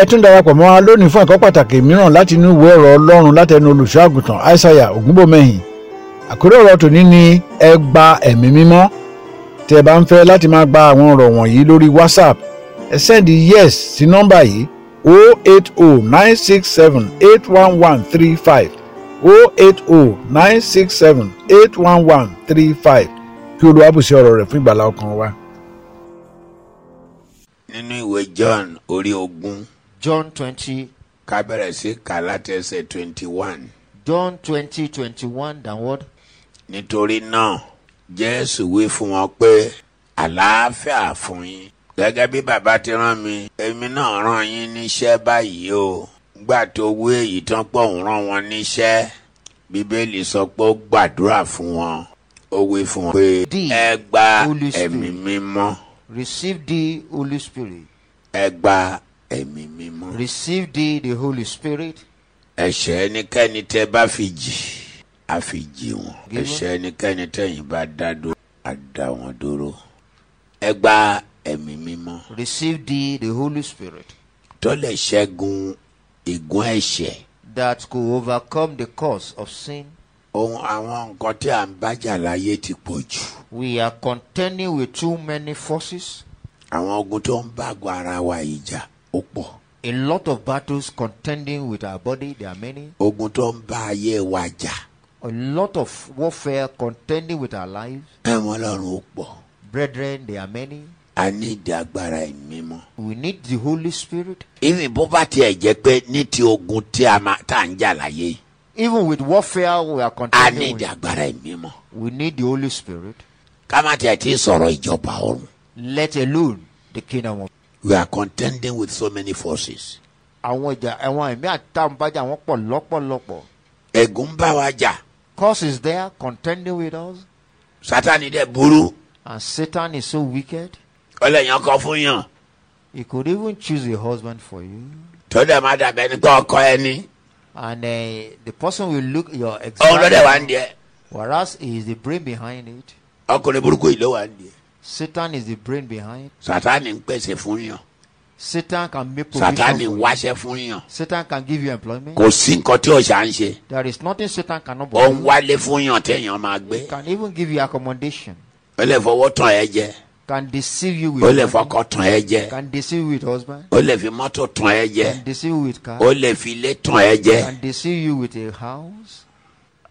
ẹ tún darapọ̀ mọ́ wa lónìí fún ẹ̀kọ́ pàtàkì mìíràn láti inú ìwé ọ̀rọ̀ ọlọ́run látẹnu olùṣọ́ àgùntàn aishaiya ògúnbòmẹ́yìn àkórí ọ̀rọ̀ tòní ni ẹ gba ẹ̀mí mímọ́ tí ẹ bá ń fẹ́ láti máa gba àwọn ọ̀rọ̀ wọ̀nyí lórí whatsapp ẹ sẹ́ndì yes sí nọ́mbà yìí 08096781135 08096781135 kí olúwa bùsí ọ̀rọ̀ rẹ̀ fún ìgbàlá ọkàn wa. nínú ìwé John orí ogún John 20. Kabere si kalate kà láti ẹsẹ̀ 21. John 20 21 downward. Nítorí náà, Jésù wí fún wọn pé àlàáfíà fún yín. Gẹ́gẹ́ bí bàbá ti rán mi, èmi náà rán yín níṣẹ́ báyìí o. Gbà tó wú èyí tán pọ̀ ń rán wọn níṣẹ́. Bíbélì sọ pé ó gbàdúrà fún wọn. Ó wí fún wọn pé ẹ gba ẹ̀mí mímọ́. Receive the Holy Spirit. Ẹ gba ẹ̀mí mímọ́. receive thee the holy spirit. ẹ̀ṣẹ̀ ẹnikẹ́ni tẹ́ bá fi jì á fi jì wọ́n ẹ̀ṣẹ̀ ẹnikẹ́ni tẹ́yìn bá dá dúró á dá wọn dúró. ẹ gba ẹ̀mí mímọ́. receive thee the holy spirit. tó lè ṣẹ́gun ìgún ẹ̀ṣẹ̀. that could overcome the cause of sin. ohun àwọn nǹkan tí à ń bájà láyé ti pọ̀ jù. we are contending with too many forces. àwọn ogun tó ń bá àgọ́ ara wa ìjà ó pọ̀. a lot of battles contending with our body there are many. ogun tó ń bá ayé wa jà. a lot of warfare contending with our lives. ẹ̀wọ̀n ọlọ́run ó pọ̀. brethren there are many. a need agbára ẹ̀mí mọ́. we need the holy spirit. even bó bá tiẹ̀ jẹ́ pé ní ti ogun tí a máa tá ń jà láyé. even with warfare we are contending. a need agbára ẹ̀mí mọ́. we need the holy spirit. ká má tiẹ̀ ti sọ̀rọ̀ ìjọba ọ̀run. let alone the kingdom of we are contending with so many forces. àwọn ìjà àwọn ẹ̀mí àtàǹbájà wọn pọ̀ lọ́pọ̀lọpọ̀. ẹ̀gún ń bá wa jà. cause is there contending with us. sátani dẹ burú. and satan is so wicked. ọlẹ́yìn ọkọ fún yàn. he could even choose a husband for you. tó dẹ̀ má dàbẹ̀ ní kó ọkọ ẹni. and uh, the person will look your exact. ọ̀hún ló dẹ̀ wá ń diẹ. whereas he is the brain behind it. ọkùnrin burúkú yìí ló wá ń diẹ. Satan is the brain behind. Sátánì ń pèsè fún yàn. Satan can make provision. Sátánì ń wáṣẹ́ fún yàn. Satan can give you employment. Kò sí nǹkan tí ọ̀sà ń ṣe. There is nothing Satan cannot buy. Ó ń wálé fún yàn téèyàn máa gbé. He can even give you accommodation. Ó lè fọwọ́ tàn ẹ́ jẹ. Can deceive you with. Ó lè fọkọ tàn ẹ́ jẹ. Can deceive you with husband. Ó lè fi mọ́tò tàn ẹ́ jẹ. Can deceive you with car. Ó lè fi ilé tàn ẹ́ jẹ. Can deceive you with a house.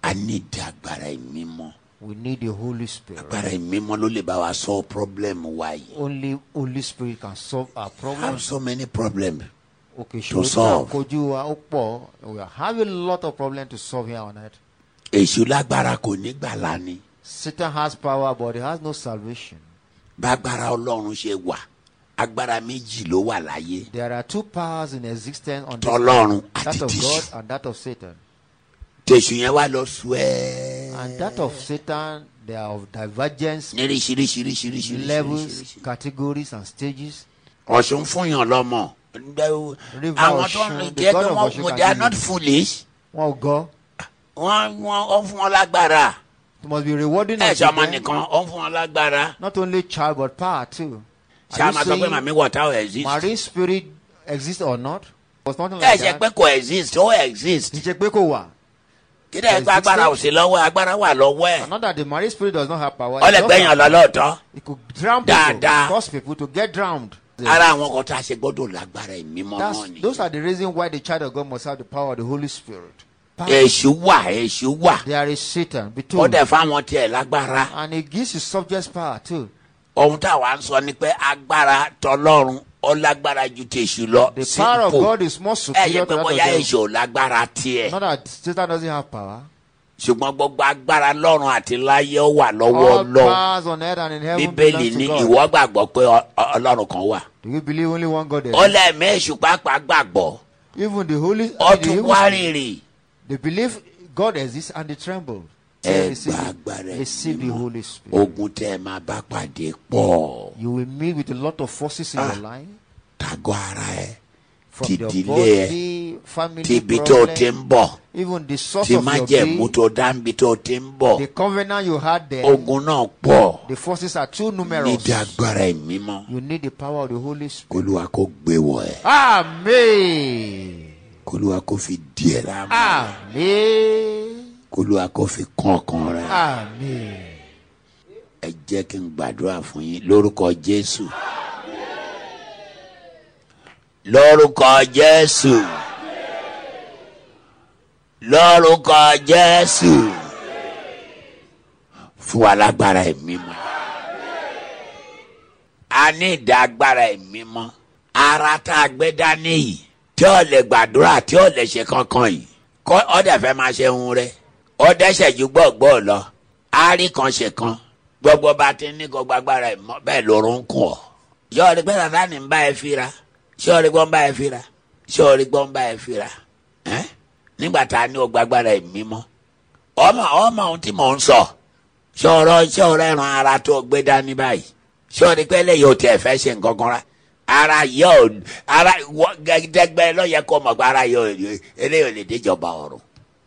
A ní ìdàgbàrá ìmímọ́. We need the Holy Spirit. But i ló lè bá wa solve problem why? Only Holy Spirit can solve our problem. have so many problems. Okay, to solve. Kojú wa ó pọ̀. We have a lot of problems to solve here on earth. Èṣù lágbára kò ní gbàlà Satan has power but he has no salvation. Bágbára Ọlọ́run ṣe wà, agbára méjì ló wà láyé. There are two powers in existence on this earth. That of God and that of Satan. Tèṣù yẹn wá lọ and that of Satan, they are of divergence, levels, categories, and stages. Ọ̀ṣun fún yàn lọ́mọ. Àwọn tó ń jẹ́ pé wọ́n mú they are not foolish. Wọ́n gọ́. Wọ́n wọ́n ó fún wọn lágbára. It must be rewarding. Ẹ ṣọmọ nìkan, ó fún wọn lágbára. Not only child but power too. Ṣé a máa màmí wọ̀tá ò exist? Marine spirit exist or not? Ẹ ṣe pé kò exist, ó exist. Ìṣe pé kò wà kí dẹ́ agbára ò sí lọ́wọ́ agbára wà lọ́wọ́ ẹ̀. another the marine spirit does not have power. ọlẹgbẹyàn lọlọtọ. it could drown people da, cause people to get drowned. ara àwọn kan tá a ṣe gbọdọ lágbára ẹmí mọ ni. those are the reasons why the child of God must have the power of the holy spirit. èṣù wà èṣù wà. there is satan between. ó fáwọn tiẹ̀ lágbára. and he gives his subjects power too. ohun táwa ń sọ ni pé agbára tọlọ́run ọlágbára ju ti lọ. the power of God is more superior to that ẹ yẹ pé bóyá èṣù ọlágbára tiẹ̀. not that Satan doesn't have power. ṣùgbọ́n gbogbo agbára lọ́run àti láyé ó wà lọ́wọ́ Ọlọ́run. bíbélì ní ìwọ gbàgbọ́ pé Ọlọ́run kan wà. do you believe only one God there? ọlẹ́ mẹ́ṣù pàápàá gbàgbọ́. even the holy. ọtún wárìrì. they believe God exists and they tremble ẹ gba agbára ẹ̀mí mọ́ ogun tẹ́ ẹ máa bá pàdé pọ̀. you will meet with a lot of forces in ah, your life. tagọ ara ẹ ti dilé ẹ tibi tó ti ń bọ̀ ti má jẹ́ mútó dáńbi tó ti ń bọ̀ ogun náà pọ̀ nídìí agbára ẹ̀mí mọ́ olúwa kò gbé wọ̀ ẹ́. amen. olúwa kò fi díẹ̀ láàmú. amen kólúwa kó fi kún ọkàn rẹ. àmín. ẹ jẹ́ kí n gbàdúrà fún yín lórúkọ jésù. lórúkọ jésù. lórúkọ jésù. fún wa lágbára ẹ̀mí mọ́. a ní ìdá agbára ẹ̀mí mọ́. ara tá a gbé dání yìí tí ó lè gbàdúrà tí ó lè ṣe kankan yìí kọ́ ọ̀dà fẹ́ máa ṣe ń rẹ̀ ọ dẹ́sẹ̀ ju gbọ́gbọ́ lọ áárí kan ṣe kan gbogbo bá ti ní gbogbo agbára ìmọ̀ bẹ́ẹ̀ lóorun ń kùn ọ́. sọ́ọ̀rì pé tàtà ní ń bá ẹ fira sọ́ọ̀rì gbọ́n bá ẹ fira sọ́ọ̀rì gbọ́n bá ẹ fira nígbà tá a ní ọmọ ọmọ ohun tí mò ń sọ ara tó gbé dání báyìí lẹ́yìn o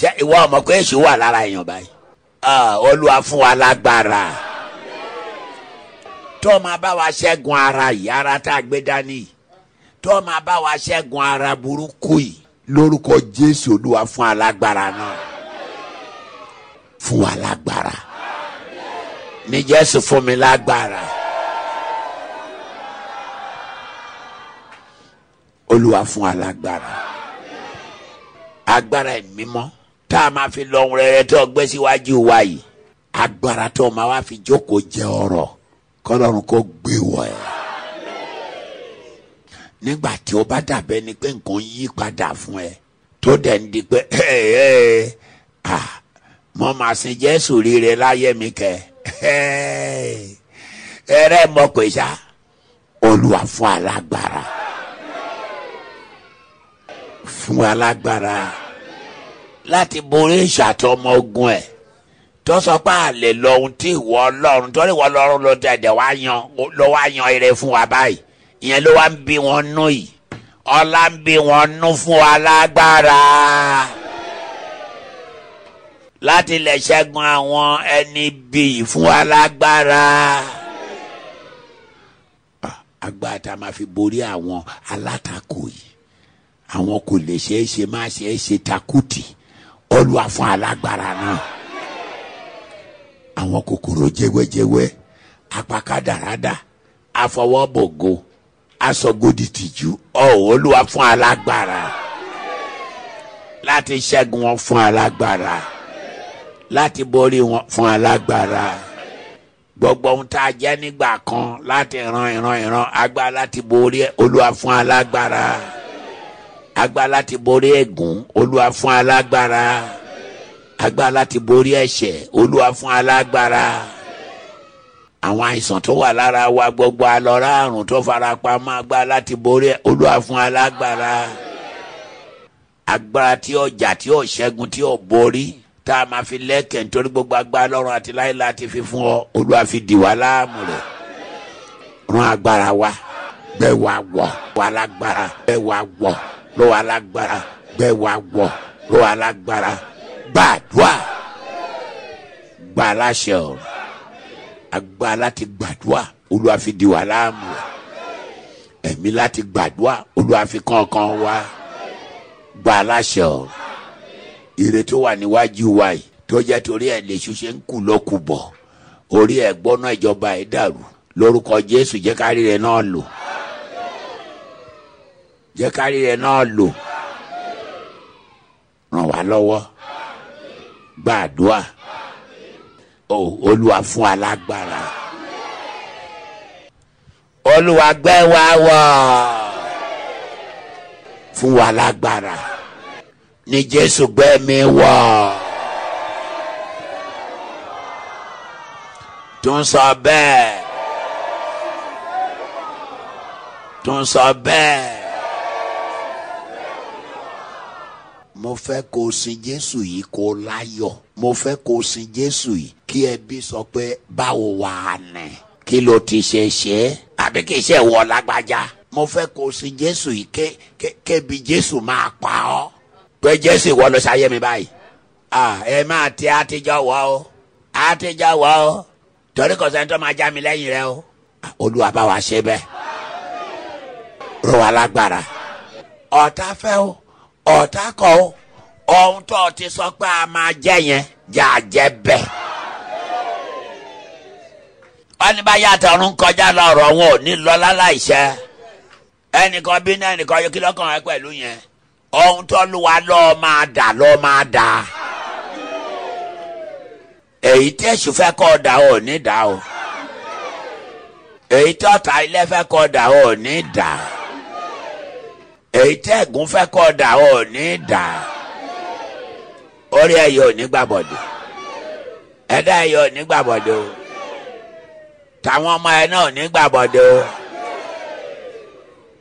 ṣe ìwọ ọmọ pé èṣù wà lára èèyàn báyìí olúwa fún wa lágbára tó máa bá wa ṣẹ́gun ara yìí ara tá a gbé dání tó máa bá wa ṣẹ́gun ara burúkú yìí lórúkọ jésù olúwa fún alágbára náà fún wa lágbára ní jésù fún mi lágbára olúwa fún alágbára agbára ẹ̀ mímọ́ tá a máa fi lọ ohun rere tó gbé síwájú wa yìí agbára tó máa wá fi jókòó jẹ ọ̀rọ̀ kọ́lọ́run kó gbé wọ ẹ nígbà tí o bá dàbẹ ni pé nǹkan yí padà fún ẹ tó dẹ̀ ń di pé mo máa sin Jésù rire láyé mi kẹ ẹ ẹ rẹ fún alágbára fún alágbára láti borí ìṣàtọ̀ ọmọ ogun ẹ̀ tó sọ pé àlè lòun tí ìwọ ọlọ́run tó ní ìwọ ọlọ́run ló dẹ̀dẹ̀ wá yan ló wá yan eré fún wa báyìí ìyẹn ló wá ń bí wọn nú yìí ọlá ń bí wọn nú fún wa lágbára láti lè ṣẹ́gun àwọn ẹni bíi fún wa lágbára àgbà tá a máa fi borí àwọn alátakò yìí àwọn kò lè ṣeé ṣe má ṣeé ṣe takùtì olúwa fún alágbára náà àwọn kòkòrò jẹwẹjẹwẹ apakadàradà afọwọ́bògo asọgodi tìjú ọ olúwa fún alágbára láti ṣẹ́gun wọn fún alágbára láti borí wọn fún alágbára gbogbo ohun tá a jẹ́ nígbà kan láti ran ìran ìran agbára láti borí olúwa fún alágbára agbára ti borí ẹ̀gún olúwa fún alágbára agbára ti borí ẹ̀ṣẹ̀ olúwa fún alágbára àwọn àìsàn tó wà lára wa gbogbo alọ́ra àrùn tó farapamọ́ agbára ti borí olúwa fún alágbára agbára tí ọjà tí ò ṣẹ́gun tí ò borí tá a máa fi lẹ́kẹ̀ nítorí gbogbo agbára lọ́run àti láìla ti fi fún ọ olúwa fi dì wá láàmú rẹ̀ rán agbára wa bẹ́ẹ̀ wá wọ̀ wá lágbára bẹ́ẹ̀ wá wọ̀ ló wà lágbára gbẹwà gbọ ló wà lágbára gbàdúà gbàláṣẹ ọ agbá láti gbàdúà olúwa fi di wà láàmú ẹ̀mí láti gbàdúà olúwa fi kankan wá gbàláṣẹ ọ ire tó wà níwájú wa yìí tó torí ẹ̀ lè ṣiṣẹ́ ń kù lọ́kù orí ẹ̀ gbọ́ná ìjọba ẹ̀ dàrú lórúkọ jésù jẹ́ kárí rẹ̀ náà lò jẹ́ kárí rẹ̀ náà lò ràn wá lọ́wọ́ gbàdúrà o olúwa fún alágbára olúwa gbẹ́ wa wọ̀ fún wa lágbára ní jésù gbẹ́ mi wọ̀ tún sọ bẹ́ẹ̀ tún sọ bẹ́ẹ̀. mo fẹ́ kó o sin jésù yìí kó o láyọ̀ mo fẹ́ kó o sin jésù yìí kí ẹbí sọ pé báwo wà á nẹ kí ló ti ṣe ṣe é àbí kí iṣẹ́ wọ lágbájá mo fẹ́ kó o sin jésù yìí ké ké kébi jésù máa pa ọ́ pé jésù ìwọ ló ṣayé mi báyìí ẹ máa tẹ àtijọ́ wọ́ o àtijọ́ wọ́ o torí kò sẹ́ni máa já mi lẹ́yìn rẹ o olúwa bá wa ṣe bẹ́ẹ̀ rọ wa lágbára ọ̀tá fẹ́ o. ọ̀tá kọ́ ọ ohun tó o ti sọ pé a máa jẹ yẹn yà á jẹ bẹ́ẹ̀. wọ́n ní bá yàtọ̀ ọ̀run kọjá lọ́rọ̀ wọn ò ní lọ láláìṣẹ́ ẹnìkan bí náà ẹnìkan yóò kí lọ́kàn rẹ pẹ̀lú yẹn ohun tó lu wa lọ́ọ́ máa dà lọ́ọ́ máa dà. èyí tí èṣù fẹ́ kọ́ ọ dà ò ní dà o èyí tí ọ̀tá ilé fẹ́ kọ́ ọ dà ò ní dà èyí tẹ́ ẹ̀gún fẹ́ kọ́ dà ọ́ ní dà orí ẹ̀yẹ ò ní gbàbọ̀dé ẹ̀dá ẹ̀yẹ ò ní gbàbọ̀dé o tàwọn ọmọ ẹ̀ náà ò ní gbàbọ̀dé o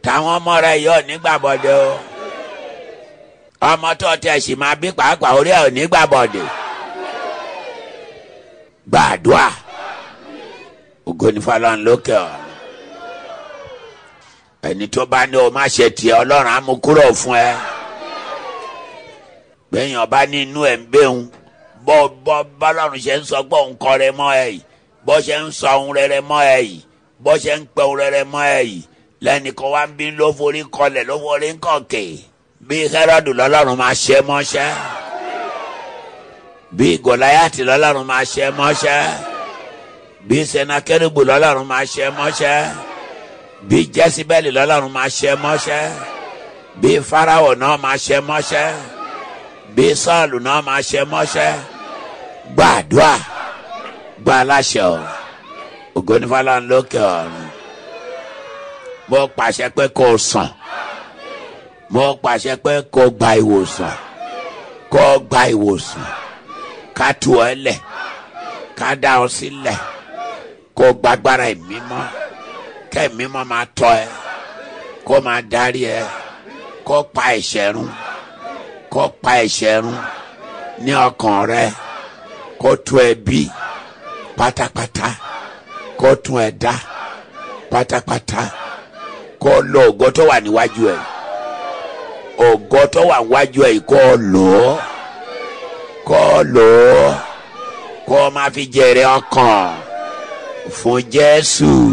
tàwọn ọmọ rẹ̀ ẹ̀yẹ ò o ọmọ tó ọtí ẹ̀ sì máa bí pàápàá orí ẹ̀ ò gbàdúà ògo ni fọlọ́n lókè ọ̀ ẹni tó bá ní o má ṣe tiẹ̀ ọlọ́run á mú kúrò fún ẹ gbẹ̀yìn ọba ní inú ẹ̀ ń bẹ́hùn bọ́ bọ́ bọ́lọ́run ṣe ń sọ pé òun kọ́ rẹ mọ́ ẹ yìí bọ́ ṣe ń sọ òun rẹ rẹ mọ́ ẹ yìí bọ́ ṣe ń pẹ́ òun rẹ rẹ ẹ yìí lẹ́nìkan wá ń bí ló forí kọlẹ̀ ló forí kọ̀kẹ́ bí Hẹ́rọ́dù lọ́lọ́run máa ṣe mọ́ṣẹ́ bí Gòláyàtì lọ́lọ́run máa ṣe mọ́ṣẹ́ bí Sẹ́nakẹ́rìbù lọ́lọ́run máa ṣe mọ́ṣẹ́ bí jẹ́síbẹ́lì lọ́lọ́run máa ṣe mọ́ṣẹ́ bí fáráwọ̀ náà máa ṣe mọ́ṣẹ́ bí sọ́ọ̀lù náà máa ṣe mọ́ṣẹ́ gbàdúà gba aláṣẹ ọ ògo ní fọlọ́run lókè ọ̀run mo pàṣẹ pé kó sàn mo pàṣẹ pé kó o gba ìwòsàn kó o gba ìwòsàn ká tu ọ lẹ̀ ká dá ọ sílẹ̀ kó o gbagbára ìmímọ́ kẹ́mi mọ́ máa tọ́ ẹ kó máa darí ẹ kó pa ẹ̀ṣẹ̀ run kó pa ẹ̀ṣẹ̀ run ní ọkàn rẹ kó tún ẹ bí pátápátá kó tún ẹ dá pátápátá kó lọ ògo tó wà níwájú ẹ ògo tó wà níwájú ẹ kó lò kó lò kó máa fi jèrè ọkàn fún Jésù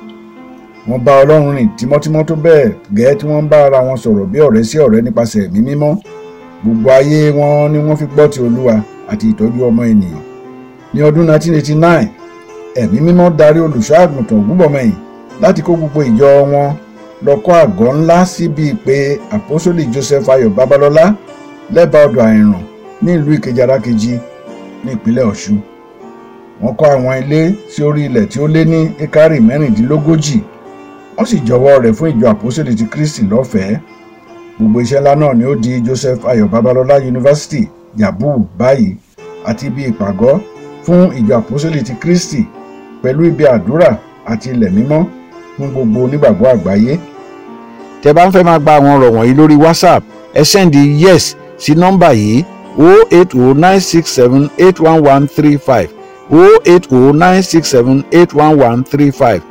wọ́n bá ọlọ́run rìn tímọ́tímọ́ tó bẹ́ẹ̀ gẹ́ẹ́ tí wọ́n bá ara wọn sọ̀rọ̀ bí ọ̀rẹ́ sí ọ̀rẹ́ nípasẹ̀ ẹ̀mí mímọ́ gbogbo ayé wọn ni wọ́n fi gbọ́ ti olúwa àti ìtọ́jú ọmọ ènìyàn ní ọdún 1989 ẹ̀mí mímọ́ darí olùṣọ́ àgùntàn ògúnbọ̀mọyìn láti kó gbogbo ìjọ wọn lọ kọ́ àgọ́ ńlá síbi ìpè àpọ́sólì joseph ayọ̀ babalọ́lá lẹ́bàá ọdọ̀ àìràn ní ìlú ìkejì arákejì ní ìpínlẹ̀ ọ̀ṣun wọ́n kọ́ àwọn ilé sí orí ilẹ̀ tí ó lé ní ekari mẹ́rìndínlógójì wọ́n sì jọwọ́ rẹ̀ fún ìjọ àpòsílẹ̀ ti kristi lọ́fẹ̀ẹ́ gbogbo iṣẹ́ ńlá náà ni ó di joseph ayọ̀ babalọ́lá yunifásitì yabu báyìí àti ibi ìpàgọ́ fún ìjọ àpòsílẹ̀ ti kristi pẹ̀lú ibi àdúrà àti ilẹ̀ mímọ́ fún gbogbo onígbàgbọ́ àgbáyé. tẹ bá ń fẹ́ máa gba àwọn ọ̀rọ̀ wọ̀nyí lórí whatsapp ẹ sẹ́ndì yes sí nọ́mbà yìí 08096781135 08096781135